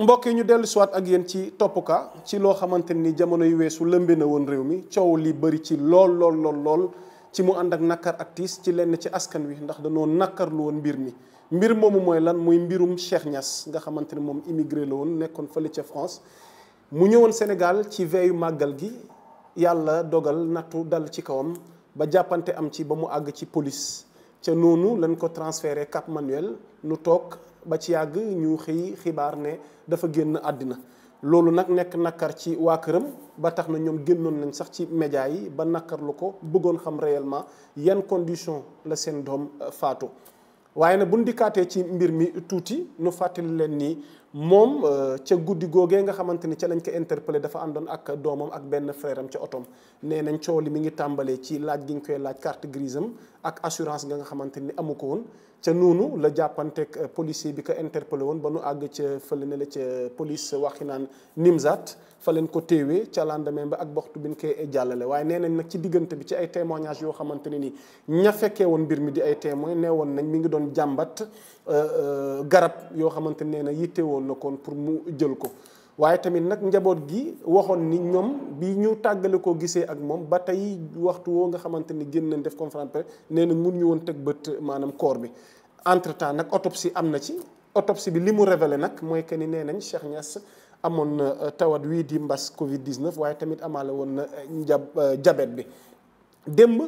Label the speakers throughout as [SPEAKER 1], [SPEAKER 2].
[SPEAKER 1] mbokk yi ñu dellu siwaat ak yéen ci toppuka ci loo xamante ni jamono yu weesu lëmbe na woon réew mi coow li bëri ci lool lool lool ci mu ànd ak nakar ak tiis ci lenn ci askan wi ndax dañoo nakar lu woon mbir mi mbir moomu mooy lan muy mbirum Cheikh Niass nga xamante ni moom immigré la woon nekkoon fële ca France mu ñëwoon Sénégal ci veyu màggal gi yàlla dogal nattu dal ci kawam ba jàppante am ci ba mu àgg ci police ca noonu lañ ko transféré Cap Manuel nu toog ba ci yàgg ñu xëy xibaar ne dafa génn àddina loolu nag nekk nakar ci waa këram ba tax na ñoom génnoon nañ sax ci média yi ba lu ko bëggoon xam réellement yan condition la seen doom euh, faatu waaye nag bu ñu ci mbir mi tuuti nu fàttali leen nii moom euh, ca guddi googee nga xamante ni ca lañ ko interpellé dafa àndoon ak doomam ak benn frère am ca otom nee nañ coow li mi ngi tàmbalee ci laaj gi nga koy laaj carte grise assurance nga nga xamante ni amu ko woon ca noonu la jàppanteeg euh, bi ko interpellé woon ba nu àgg ca fële ne la ca police waxi naan Nimzat fa leen ko téewee ca lendemain ba ak waxtu bi ñu koy jàllale waaye nee nañ nag ci diggante bi ci ay témoignages yoo xamante ne ni ña fekkee woon mbir mi di ay témoin nee woon nañ mi ngi doon jàmbat euh, garab yoo xamante ne na yitte woon woon na kon pour mu jël ko waaye tamit nag njaboot gi waxoon ni ñoom bi ñu tàggale koo gisee ak moom ba tey waxtu woo nga xamante ni génn nañ def conférence presse nee na mun ñu woon teg bët maanaam koor bi entre nag autopsie am na ci autopsie bi li mu révélé nag mooy que ni nee nañ Cheikh Niass amoon na euh, tawat wii di mbas Covid 19 waaye tamit amaale woon na euh, njab euh, jabet bi démb.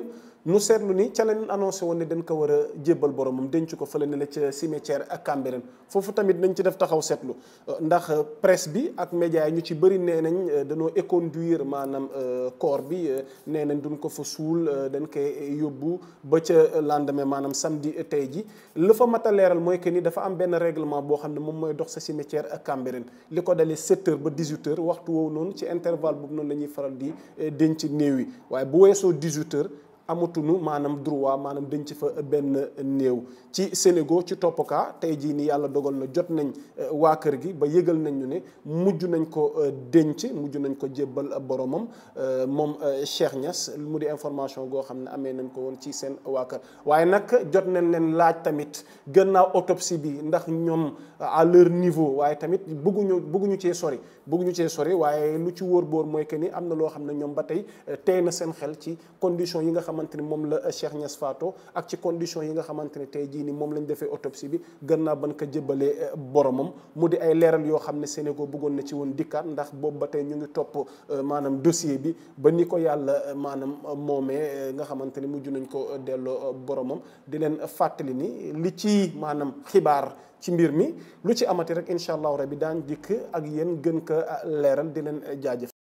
[SPEAKER 1] nu seetlu ni ca leen annoncé woon ne dañ ko war a jébbal boromam denc ko fa fële ne la ca cimetière ak Cambérène foofu tamit nañ ci def taxaw seetlu ndax presse bi ak média ñu ci bëri nee nañ euh, dañoo éconduire maanaam euh, corps bi euh, nee nañ duñ ko fa suul dañ koy yóbbu ba ca lendemain maanaam samedi tey ji la fa mat a leeral mooy que ni dafa am benn réglement boo xam ne moom mooy dox sa cimetière ak Cambérène li ko dalee 7 ba 18 waxtu woowu noonu ci intervalle boobu noonu la ñuy faral di denc néew yi waaye bu weesoo 18 amatuñu maanaam droit maanaam dañ ci fa benn néew ci Sénégal ci topp tey jii ni yàlla dogal na jot nañ euh, waa kër gi ba yëgal nañ ñu ne mujj nañ ko euh, denc mujj nañ ko jébbal boromam euh, moom Cheikh Niass mu di information goo xam ne amee nañ ko woon ci seen waa kër waaye nag jot nañ leen laaj tamit gannaaw autopsie bi ndax ñoom à niveau waaye tamit bëgguñu bëgguñu cee sori bëgguñu cee sori waaye lu ci wóor boor mooy que ni am na loo xam ne ñoom ba tey tey na seen xel ci condition xamante ni moom la euh, Cheikh Niass faatoo ak ci condition yi nga xamante ne tey jii ni moom lañ defee autopsie bi gën naa ban ko jëbalee euh, boromam mu di ay leeral yoo xam ne Sénégal bëggoon na ci woon dikkaat ndax boobu ba tey ñu ngi topp euh, maanaam dossier bi ba ni ko yàlla maanaam moomee nga xamante ni mujj ko delloo boromam di leen fàttali ni li ci maanaam xibaar ci mbir mi lu ci amati rek incha allahu rabi daan dikk ak yéen gën ko leeral di leen jaajëf